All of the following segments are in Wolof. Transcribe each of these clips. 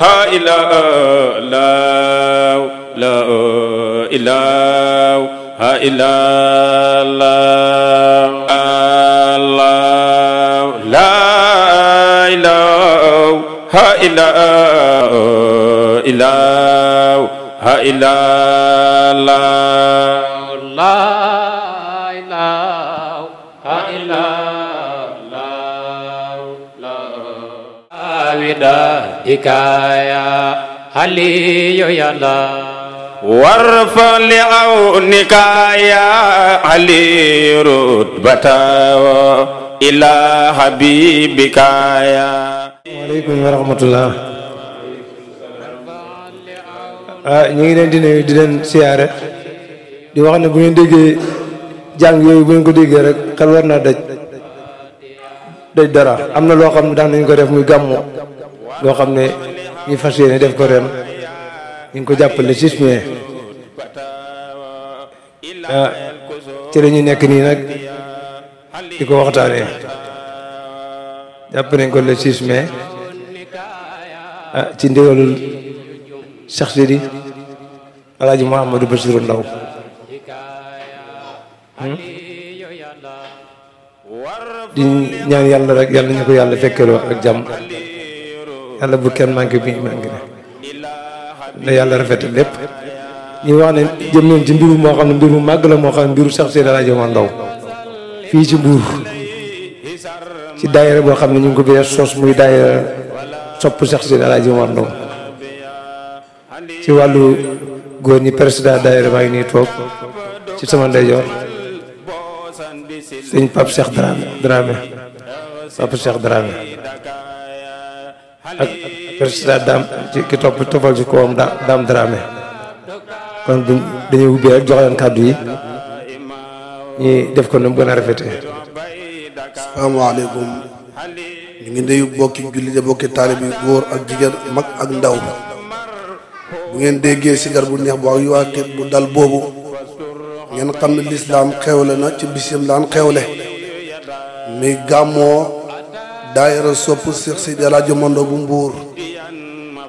ها إلا لا لا إلا ها إلا لا لا لا إلا ها إلا إلا ها إلا لا -huh. إكايا علي يلا وارفع لعونك يا علي رتبته إلى حبيبك يا وعليكم ورحمة ñu ngi leen di nuyu di leen siyaare di wax ne bu ñu déggee jàng yooyu bu ñu ko déggee rek xel war naa daj daj dara am na loo xam ne daan nañ ko def muy gàmmu loo xam ne ñu fas yéene def ko ren ñu ngi ko jàppale le 6 mai ñu nekk nii nag di ko waxtaanee jàpp nañ ko le 6 mai ah ci ndigalul Cheikh Sidi El Hadj Mouhamadou Bassirou Ndaw hmm? di ñaan yàlla rek yàlla ñu ko yàlla fekkeloo ak jàmm. yàlla bu kenn manqué bi manqué ne yàlla rafetal lépp ñu wax ne jëm nañ ci mbiru moo xam ne mbiru màgg la moo xam ne mbiru sax si dara jëmoon ndaw fii ci mbuur ci daayira boo xam ne ñu ngi ko bee sos muy daayira sopp sex si dara jëmoon ci wàllu góor ñi président daayira baa ngi nii toog ci sama ndeyjoor sëñ Pape Cheikh Dramé Dramé Pape Cheikh Dramé ak président daam ci ki topp tofal ci kawam daam Dramé kon dañuy ubbi rek jox kàddu yi ñi def ko ni mu gën a rafetee. asalaamaaleykum ñu ngi nuyu bokki jullit bokki taalib yi góor ak jigéen mag ak ndaw bu ngeen déggee sigar bu neex bu ak yuwaatit bu dal boobu ngeen xam ne lislaam xewle na ci bisim laan xewle muy gàmmoo daayira sopp Seex Sidi Alaaji Mondo bu Mbuur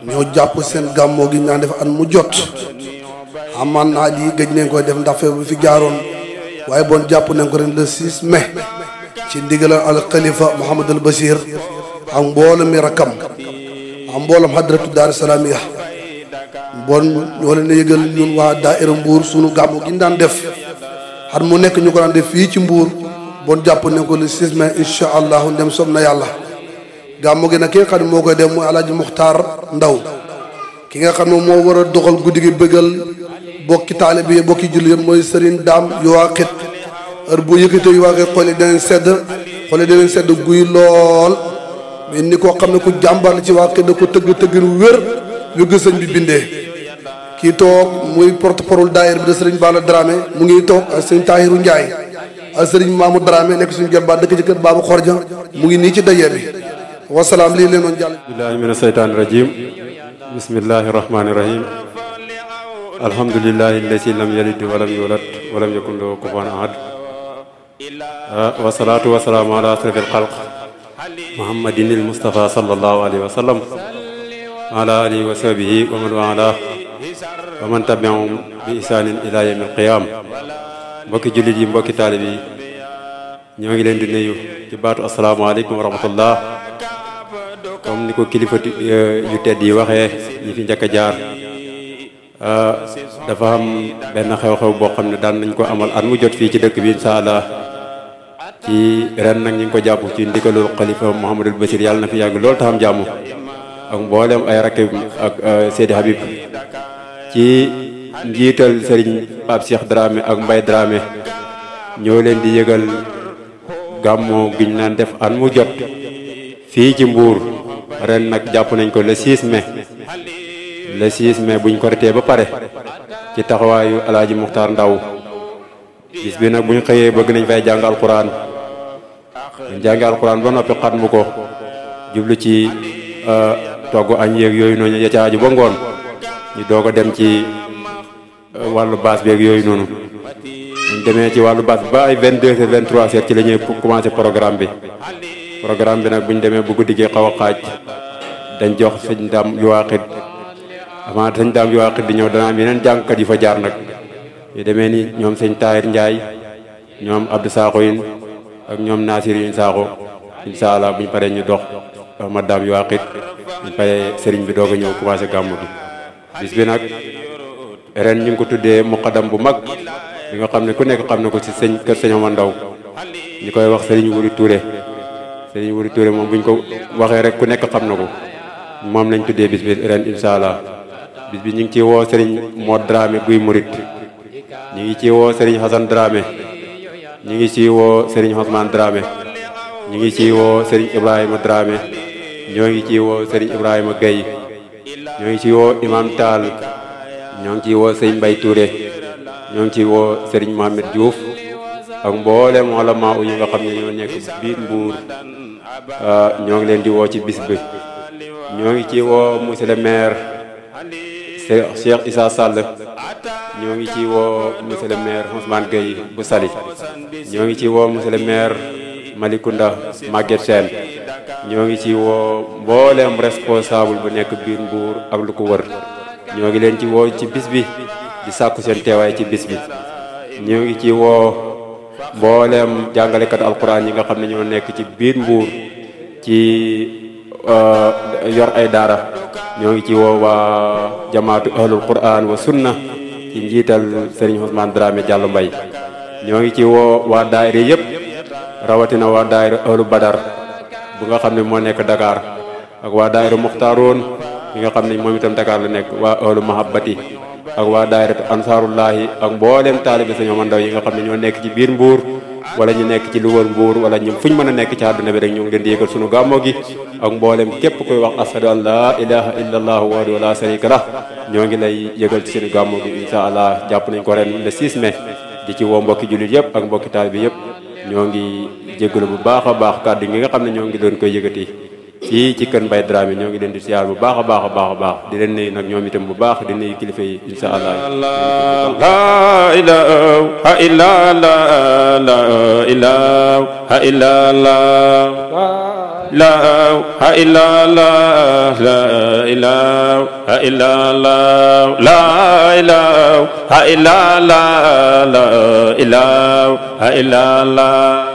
ñoo jàpp seen gàmmoo gi ñaan def at mu jot amaan naa lii gëj nañ koy def ndax feebu fi jaaroon waaye bon jàpp nañ ko rek le 6 mai ci ndigalal al xalifa Mouhamadul Bachir ak mboolem mi rakkam ak mboolem hadratu Daaru Salaam ya bon ñoo leen yëgal ñun waa daayira Mbuur suñu gàmmoo gi ñu daan def at mu nekk ñu ko daan def fii ci Mbuur bon jàpp nañ ko le 6 mai incha allahu ndem sob na yàlla gàmmu gi nag ki nga xam ne moo koy dem mooy alaaji muxtaar ndaw ki nga xam ne moo war a doxal guddi gi bëggal bokki taalibe yi bokki julli yëpp mooy sëriñ daam yuwaa xit heure bu yëkkate yuwaa xit xool yi sedd xool yi sedd guy lool mais ni koo xam ne ku jàmbaar la ci waa xit ko tëgg tëggin wér yu sëñ bi bindee kii toog muy porte parole daayir bi de sëriñ Bala Dramé mu ngi toog ak sëriñ Tahiru سيرن محمود درامي نيك سون جيب با دك جي كير بابو خورجا موغي ني سي دايير بي والسلام لي لي نون جال من الشيطان الرجيم بسم الله الرحمن الرحيم الحمد لله الذي لم يلد ولم يولد ولم يكن له كفوا احد والصلاه والسلام على اشرف الخلق محمد المصطفى صلى الله عليه وسلم على اله وصحبه ومن والاه ومن تبعهم باحسان الى يوم القيامه mbokki jullit yi mbokki taalib yi ñoo ngi leen di nuyu ci baatu asalaamaaleykum wa rahmatullah comme ni ko kilifa euh, yu tedd yi waxee ñi fi njëkk a jaar euh, dafa am benn xew-xew boo xam ne daan nañ ko amal at mu jot fii ci dëkk bi incha allah ci ren nag ñu ngi ko jàpp ci ndigalul xalifa Mouhamadul Basir yàlla na fi yàgg loolu taxam jàmm ak mboolem ay rakib ak euh, Seydi Habib ci ci njiital Serigne Pape Cheikh Dramé ak mbay Dramé ñoo leen di yëgal gàmmoo giñ nan def an mu jot fi ci Mbour ren nak japp nañ ko le 6 mai le 6 mai buñ ko retee ba paré ci taxawayu alaaji Muxtaar Ndaw bis bi nak buñ xëyee bëgg nañ fay jàng alquran buñ alquran ba nopi xat mu ko jublu ci euh, togg añ yéeg yoy noonu ya ca aju ba ngoon ñu doog dem ci Euh, wàllu baas beeg yooyu noonu ñu demee ci wàllu baas ba ay 22 heures 23 heures ci la ñuy commencé programme bi programme bi nag bu ñu demee bu guddi gi xaw a xaaj dañ jox sëñ daam yu waaxit avant sëñ daam yu waaxit di ñëw dana am yeneen jàngkat yu fa jaar nag yu demee ni ñoom sëñ Tahir Ndiaye ñoom Abdou Sakho yin ak ñoom Nasir yuñ Sakho incha allah bu ñu paree ñu dox ma daam yu waaxit ñu paree sëriñ bi doog ñëw commencé gàmmu bi bis bi nag. ren ñu ngi ko tuddee muqadam bu mag bi nga xam ne ku nekk xam na ko ci sëñ kër sëñ Omar Ndaw ñu koy wax Serigne Wuri Touré Serigne Wuri Touré moom bu ñu ko waxee rek ku nekk xam na ko moom lañ tuddee bis bi ren incha allah bis bi ñu ngi ciy woo Serigne Mod Dramé Guy Murit ñu ngi ciy woo seriñ Hassan Dramé ñu ngi ci woo Serigne Ousmane Dramé ñu ngi ci woo Serigne Ibrahima Dramé ñoo ngi ciy woo Serigne Ibrahima Guèye ñoo ngi ci woo Imam Tall. ñoo ngi ciy woo sëñ Mbay Touré ñoo ngi ciy woo sëriñ Mohamed Diouf ak mboolem wala maa yi nga xam ne ñoo nekk biir Mbuur ah, ñoo ngi leen di woo ci bis bi ñoo ngi ci woo monsieur le maire Cheikh Issa Sall ñoo ngi ci woo monsieur le maire Ousmane Gueye bu Sali ñoo ngi ci woo monsieur le maire Malicounda Maguette Sène ñoo ngi ci woo mboolem responsable bu nekk biir Mbuur ak lu ko wër ñoo ngi leen ci woo ci bis bi di sàkku seen teewaay ci bis bi ñoo ngi ci woo mbooleem jàngalekat alquran yi nga xam ne ñoo nekk ci biir mbuur ci yor ay daara ñoo ngi ci woo waa jamaatu ahlul quran wa sunna ci njiital sëriñ Ousmane Dramé Diallo mbay ñoo ngi ci woo waa daayira rawati rawatina waa daayira ahlu badar bu nga xam ne moo nekk Dakar ak waa daayira muxtaaroon yi nga xamni mom itam Dakar la nek wa ahlu mahabbati ak wa daayiratu ansarullahi ak mbooleem talibé sa ñoom Ndaw yi nga xamni ñoo nek ci biir mbour wala ñu nek ci lu wër mbuur wala ñu fuñ mëna nek ci aduna bi rek ñu ngi leen di yëgal sunu gàmmoo gi ak mboolem kep koy wax ashadu an laa ilaha illallah wa la sharika lah ñoo ngi lay yegal ci suñu gamo gi incha allah jàpp nañ ko ren le 6 mai di ci wo mbokki julit yëpp ak mbokki talibé yëpp ñoo ngi jégalu bu baaxa baax kaddu gi nga xamni ñoo ngi doon koy yëgati fii ci Kër Mbaye Dramé ñoo ngi leen di siyaar bu baax a baax baax baax di leen nuyu nag ñoom itam bu baax di nuyu kilifa yi insha allah la ilaha illa allah la ilaha illa allah لا إلا الله لا إله إلا الله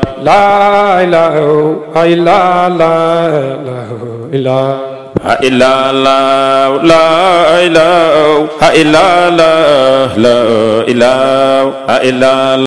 la ilaha illa la ha illa la la ilaha illa la